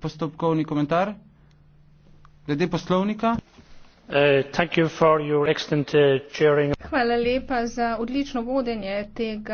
postopkovni komentar glede poslovnika eh, eh, hvala lepa za odlično vodenje tega zasedanja in za vaše poročilo.